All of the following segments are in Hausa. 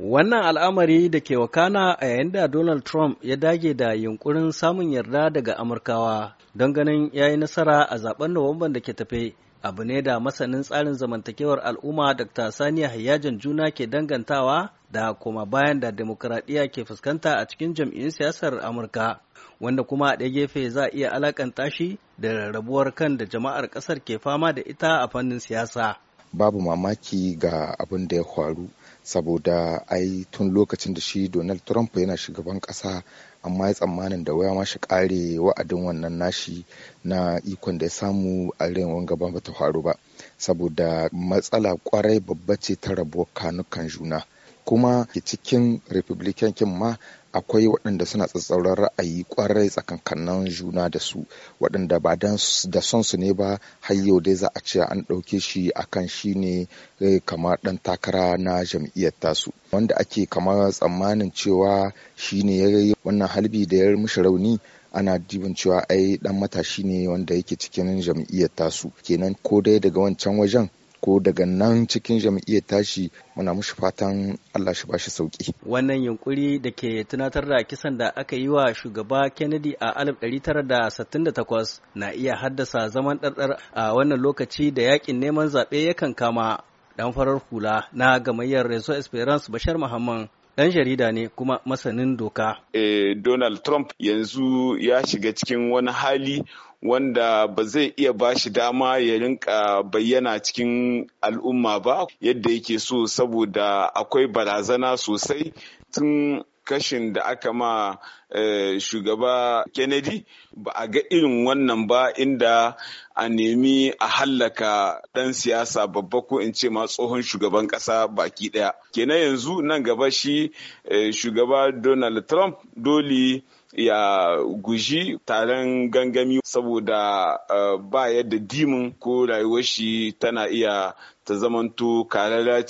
Wannan al'amari da ke wakana a yayin da Donald Trump ya dage da yunkurin samun yarda daga Amurkawa don ganin ya yi nasara a zaben Nuwamban da ke tafe abu ne da masanin tsarin zamantakewar al'umma Dr. Sani Hayyajan Juna ke dangantawa da kuma bayan da demokuraɗiyya ke fuskanta a cikin jam'iyyun siyasar Amurka wanda kuma a ɗaya gefe za a iya alakanta shi da rarrabuwar kan da jama'ar ƙasar ke fama da ita a fannin siyasa. Babu mamaki ga abin da ya faru saboda ai tun lokacin da shi donald trump yana shugaban ƙasa amma ya tsammanin da waya shi kare wa'adin wannan nashi na ikon da ya samu a rewan gaba ba ta faru ba saboda matsala kwarai babba ce ta rabuwar kanukan juna kuma cikin republican kin ma akwai waɗanda suna tsatsauran ra'ayi kwarai tsakankanin juna da su waɗanda ba da son su ne ba har yau dai za a ce an ɗauke shi akan shi ne eh, kamar ɗan takara na jam'iyyar tasu wanda ake kamar tsammanin cewa shi ne ya yi wannan halbi da ya mishi rauni ana dibin cewa ai dan matashi ne wanda yake cikin jam'iyyar tasu kenan ko dai daga wancan wajen ko daga nan cikin jam'iyyar tashi muna mushi fatan Allah shi bashi sauki. Wannan yunkuri da ke tunatar da kisan da aka yi wa shugaba Kennedy a 1968 na iya haddasa zaman ɗarɗar a wannan lokaci da yakin neman zaɓe yakan kama dan farar hula na gamayyar Reso Esperance Bashar Muhammad ɗan jarida ne kuma masanin doka. Eh, Donald Trump yanzu ya shiga cikin wani hali wanda ba zai iya ba shi dama ya rinka bayyana cikin al'umma ba yadda yake so saboda akwai barazana sosai tun kashin da aka ma eh, shugaba Kennedy ba a ga irin wannan ba inda a nemi a hallaka ɗan siyasa babba ko in ce ma tsohon shugaban ƙasa baki ɗaya. Kenan yanzu nan gaba shi eh, shugaba Donald Trump dole ya guji taron gangami saboda eh, ba yadda dimin ko rayuwar shi tana iya ta zamanto karara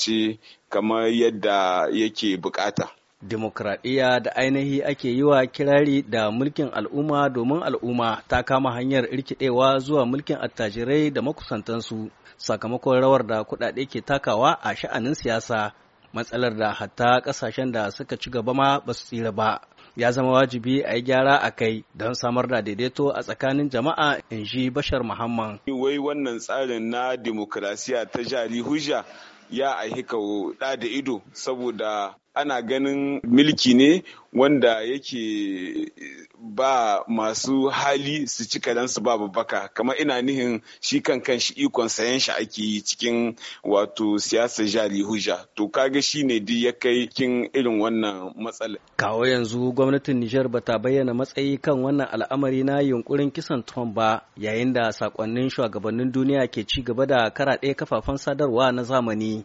kamar yadda yake bukata. Demokradiyya da ainihi ake yi wa kirari da mulkin al'umma domin al'umma ta kama hanyar rikidewa zuwa mulkin attajirai da makusantansu sakamakon rawar da kuɗaɗe ke takawa a sha'anin siyasa matsalar da hatta ƙasashen da suka ci gaba ma ba su tsira ba. Ya zama wajibi a yi gyara a kai don samar da daidaito a tsakanin jama'a in ji Bashar Muhammad. Wai wannan tsarin na demokrasiya ta jari hujja ya aika da ido saboda ana ganin milki ne wanda yake ba masu hali su ci su ba babbaka kamar ina nihin shi kan kan shi ikon sayan shi ake yi cikin wato siyasa jari hujja to kaga shi ne duk ya kai kin irin wannan matsala kawo yanzu gwamnatin Nijar ba ta bayyana matsayi kan wannan al'amari na yunkurin kisan Trump ba yayin da sakonnin shugabannin duniya ke ci gaba da karaɗe kafafen sadarwa na zamani